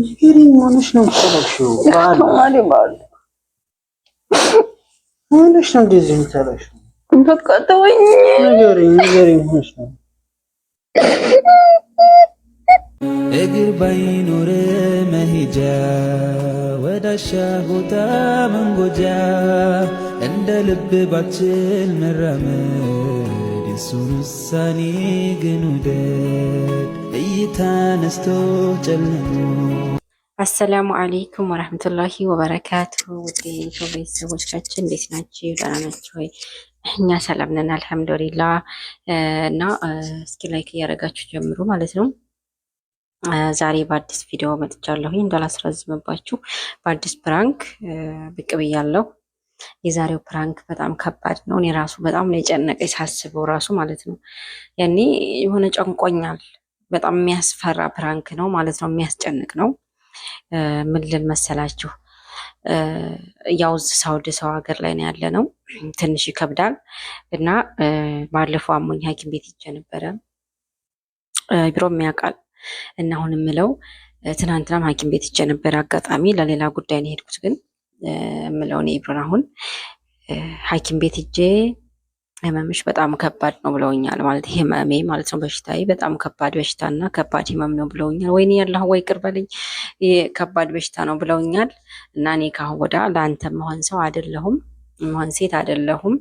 እግር ባይኖር መሄጃ ወዳሻ ቦታ መንጎጃ እንደ ልብ ባችል መራመድ የሱን ውሳኔ ግን ውደድ እይታ ነስቶ ጨልሞ። አሰላሙ አሌይኩም ወረህመቱላሂ ወበረካቱ። ውድ ቤተሰቦቻችን እንዴት ናችሁ? ደህና ናችሁ ወይ? እኛ ሰላም ነን አልሐምዱሊላ። እና እስኪ ላይክ እያደረጋችሁ ጀምሩ ማለት ነው። ዛሬ በአዲስ ቪዲዮ መጥቻለሁ። መጥቻለሁኝ እንዳላስረዝምባችሁ በአዲስ ፕራንክ ብቅ ብያለሁ። የዛሬው ፕራንክ በጣም ከባድ ነው። እኔ ራሱ በጣም ነው የጨነቀኝ ሳስበው ራሱ ማለት ነው። ያኔ የሆነ ጨንቆኛል በጣም የሚያስፈራ ፕራንክ ነው ማለት ነው። የሚያስጨንቅ ነው። ምን ልል መሰላችሁ፣ ያው ሳውዲ ሰው ሀገር ላይ ነው ያለ ነው። ትንሽ ይከብዳል እና ባለፈው አሞኝ ሐኪም ቤት ሄጄ ነበረ። ቢሮም ያውቃል እና አሁን የምለው ትናንትናም ሐኪም ቤት ሄጄ ነበረ አጋጣሚ ለሌላ ጉዳይ ነው የሄድኩት። ግን የምለው እኔ ብሮን አሁን ሐኪም ቤት ሄጄ ህመምሽ በጣም ከባድ ነው ብለውኛል። ማለት ህመሜ ማለት ነው በሽታዬ በጣም ከባድ በሽታ እና ከባድ ህመም ነው ብለውኛል። ወይኔ ያለሁ ወይ ቅር በልኝ ከባድ በሽታ ነው ብለውኛል። እና እኔ ካሁን ወዳ ለአንተ መሆን ሰው አይደለሁም፣ መሆን ሴት አይደለሁም።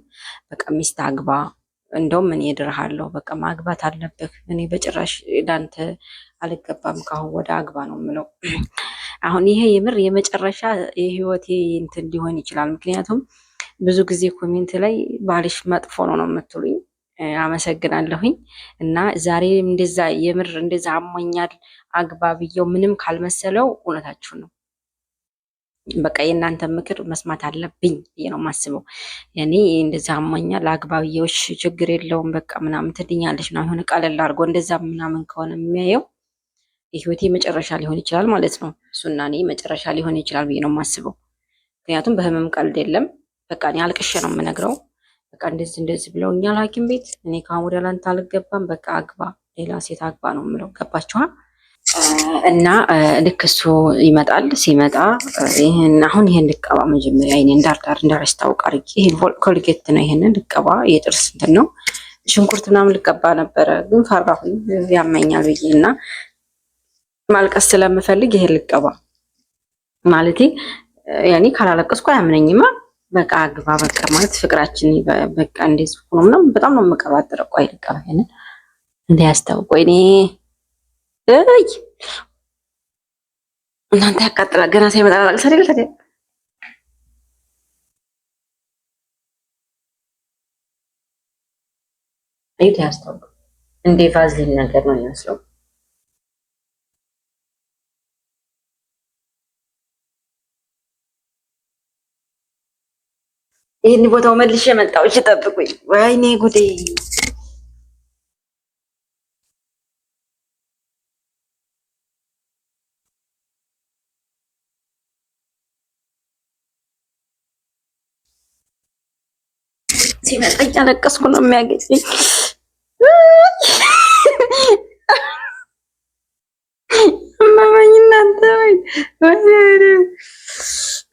በቃ ሚስት አግባ፣ እንደውም እኔ እድርሃለሁ። በቃ ማግባት አለብህ። እኔ በጭራሽ ለአንተ አልገባም፣ ካሁን ወዳ አግባ ነው ምለው። አሁን ይሄ የምር የመጨረሻ የህይወቴ እንትን ሊሆን ይችላል ምክንያቱም ብዙ ጊዜ ኮሜንት ላይ ባልሽ መጥፎ ነው ነው የምትሉኝ። አመሰግናለሁኝ እና ዛሬ እንደዛ የምር እንደዛ አሞኛል አግባብየው ምንም ካልመሰለው እውነታችሁ ነው። በቃ የእናንተ ምክር መስማት አለብኝ ብዬ ነው የማስበው። እኔ እንደዛ አሞኛል አግባብየውሽ ችግር የለውም በቃ ምናምን ትድኛለች ምናምን የሆነ ቀለል አድርጎ እንደዛ ምናምን ከሆነ የሚያየው የህይወቴ መጨረሻ ሊሆን ይችላል ማለት ነው። እሱና እኔ መጨረሻ ሊሆን ይችላል ብዬ ነው የማስበው። ምክንያቱም በህመም ቀልድ የለም። በቃ እኔ አልቅሼ ነው የምነግረው። በቃ እንደዚህ እንደዚህ እኛ ላኪም ቤት እኔ ከአሁን ወደ ላንተ አልገባም፣ በቃ አግባ፣ ሌላ ሴት አግባ ነው የምለው። ገባችኋል? እና ልክ እሱ ይመጣል። ሲመጣ ይህን አሁን ይህን ልቀባ መጀመሪያ ይኔ እንዳርዳር እንዳረስታውቅ አድርጌ ኮልጌት ነው። ይህንን ልቀባ የጥርስ እንትን ነው ሽንኩርት ምናምን ልቀባ ነበረ፣ ግን ፈራሁኝ ያመኛል ብዬ እና ማልቀስ ስለምፈልግ ይሄን ልቀባ ማለቴ ያኔ ካላለቀስኩ አያምነኝማ በቃ አግባ በቃ ማለት ፍቅራችን በቃ እንዴት ሆኖ ምናምን በጣም ነው የምቀባጥረው። ቆይ ልቀባ ይሄንን እንዳያስታው ቆይ እኔ እይ እናንተ ያቃጥላል። ገና ሳይመጣ ላቅስ አይደል ታዲያ ይሄ ያስታው እንደ ቫዝሊን ነገር ነው የሚመስለው። ይህን ቦታው መልሼ መጣሁ። እሺ ጠብቁኝ። ወይኔ ጉዴ! ሲመጣ እያለቀስኩ ነው የሚያገኝ አመመኝ እናንተ ወይ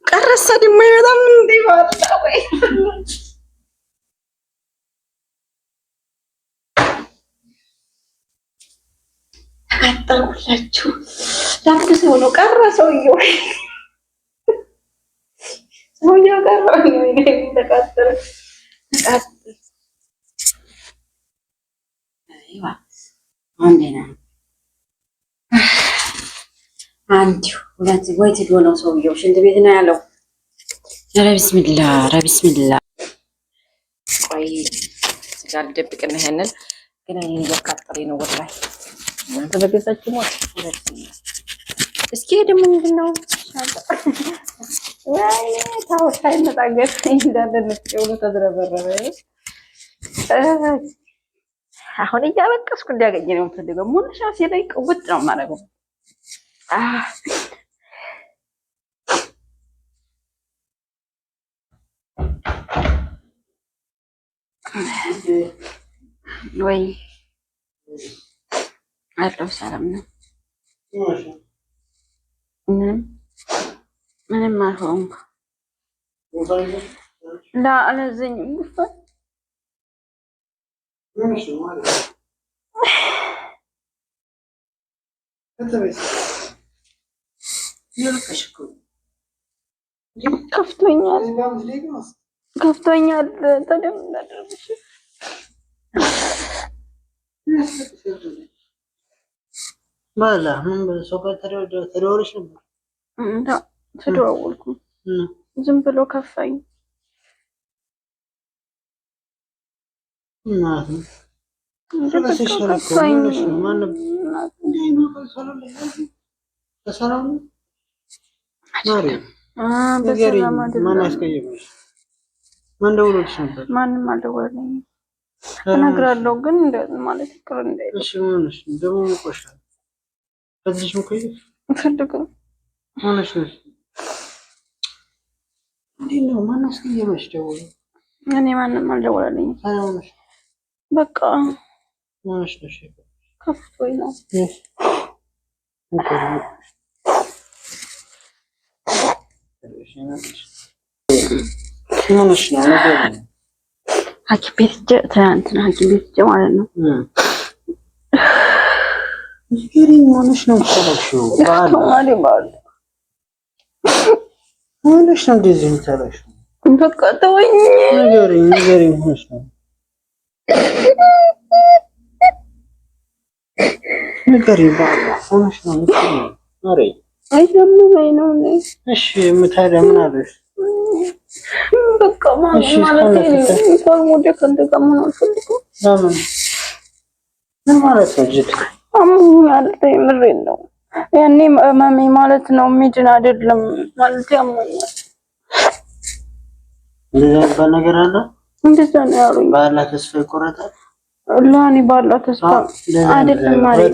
ቀረሳ ደግሞ ይመጣም እንዴ ባላ ቆይ ተቃጠልኩላችሁ። ለአንድ ሰው ነው ቀረ። ሰውየው ሰውየው ቀረ። ተቃጠለ ተቃጠለ። አንድ ሁለት ወይ ትዶ ነው ሰውየው ሽንት ቤት ነው ያለው። ኧረ ቢስሚላ ኧረ ቢስሚላ። ቆይ ስጋ ልደብቅና ያንን ግን እኔን እያቃጠለኝ ነው። ወላሂ እናንተ በገዛችሁ ሞት እስኪ ደግሞ ምንድን ነው ታወታ ይመጣገር እንዳለ ንፍጭውሉ ተዝረበረበ። አሁን እያለቀስኩ እንዲያገኘ ነው የምፈልገው። ሙሉሻ ሲለኝ ቅውጥ ነው የማደርገው ወይ አለው ሰላም ነው። ምንም ምንም አልሆንኩም። ላ አላዘኝም። ከፍቶኛል። ከፍቶኛል። ታዲያ ምን ነበር? ተደዋወልኩም፣ ዝም ብሎ ከፋኝ። በሰላም አይደለም። ማን ያስቀየመሽ? ማን ደውሎልሽ ነበር? ማንም አልደወለኝም። እነግራለሁ ግን ማለት ቅር እንዳይልሽ። እሺ ሆነሽ ደግሞ ቆሻል በዚህ ምኮይ ፈልጉ ሆነሽ ነሽ እንዴት ነው? ማነው እስኪየመሽ ደውሎ? እኔ ማንም አልደወለልኝም። ሆነሽ በቃ ሆነሽ ነው? ከፍቶኝ ነው እሺ 하키만 없이 나오는 하키 비스트 저한테는 하키 비스트 말하는 응 이리 나누시는 없어가지고 나 동아리 말이야 나누시는 디즈니 잘하시네 바꿔도 왔니 이거리 이거리 무시네 이거리 봐봐 나누시는 없어 나래 아이 잠깐만 이놈네 아씨 뭐 다른 말 하듯이 በቃ ማለት ማለት ነው? ልጅቱ ነው። ያኔ መሜ ማለት ነው የሚድን አይደለም ማለት ያሞኛል። እንደዛ ነው ያሉኝ። ባላ ተስፋ ይቆረጣል። ላኔ ባላ ተስፋ አይደለም ማለት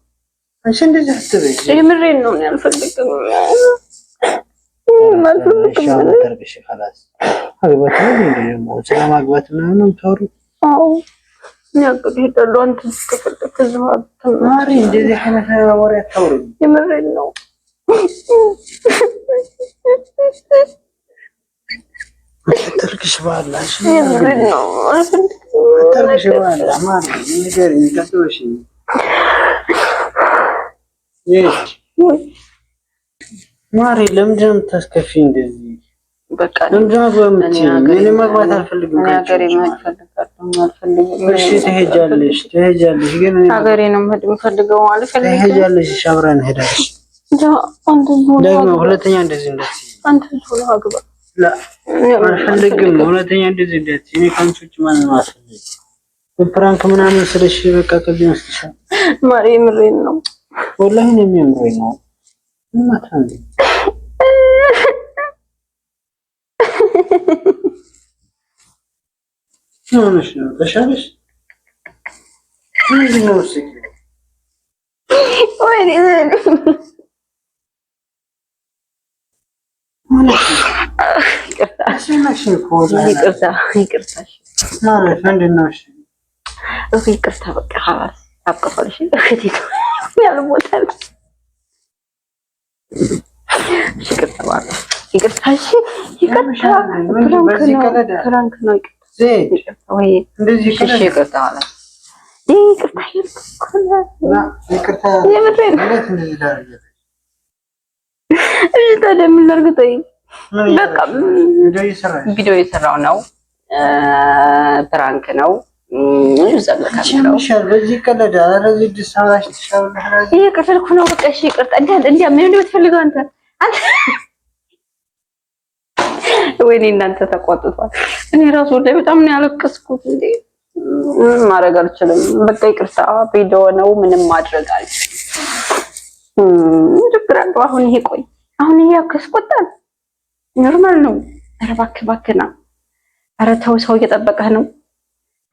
አንቺ እንደዚህ አትበይ። የምሬን ነው። እኔ አልፈልግም፣ አልፈልግም። ስለማግባት ምናምን ነው የምታወሪው? አዎ እኔ አቅድ ሄዳለሁ። አንተ ከፈለክ እዚሁ አትማሪ። እንደዚህ አይነት ወሬ አታውሪኝ። የምሬን ነው። አታርግሽ በኋላ የምሬን ነው። አልፈልግም። አታርግሽ በኋላ ማሪ ነገር ይቀጥሎሽ ማሪ ለምንድን ነው እንደዚህ በቃ መግባት አልፈልግም። እሺ ትሄጃለሽ፣ ትሄጃለሽ ነው የምሄድ እሺ ደግሞ ሁለተኛ እንደዚህ አልፈልግም። ሁለተኛ እንደዚህ እኔ ከአንቺ ውጭ ማንም አልፈልግም። ፕራንክ ምናምን ስለሽ በቃ ነው ወላሂ ነው የሚያምረኝ ነው ይቅርታ፣ በቃ ሀላስ እህቴ ያልቦታ ይቅርታ፣ ቪዲዮ የሰራው ነው፣ ፕራንክ ነው። እየቀለድኩ ነው። በቃ እሺ፣ ይቅርታ። እንዲያ ምን እንደምትፈልገው አንተ ወይኔ እናንተ ተቆጥቷል። እኔ ራሱ ወደ በጣም ነው ያለቀስኩት። እንዴ ማድረግ አልችልም። በቃ ይቅርታ። ቤዶ ነው ምንም ማድረግ አልችልም። ድብራሉ። አሁን ይሄ ቆይ፣ አሁን ይሄ ያስቆጣል። ኖርማል ነው። ኧረ እባክህ እባክህ ና። ኧረ ተው፣ ሰው እየጠበቀህ ነው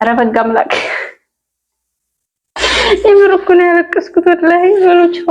ኧረ በጋ አምላክ የምር እኮ ነው ያለቀስኩት። ወላሂ